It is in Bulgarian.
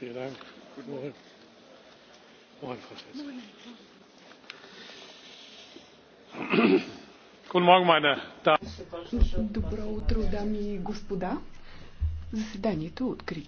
Vielen Dank. Guten Morgen. Morgen, Frau Schätze. Guten Morgen, meine Damen. Добро утро, дами и господа. Заседанието е открито.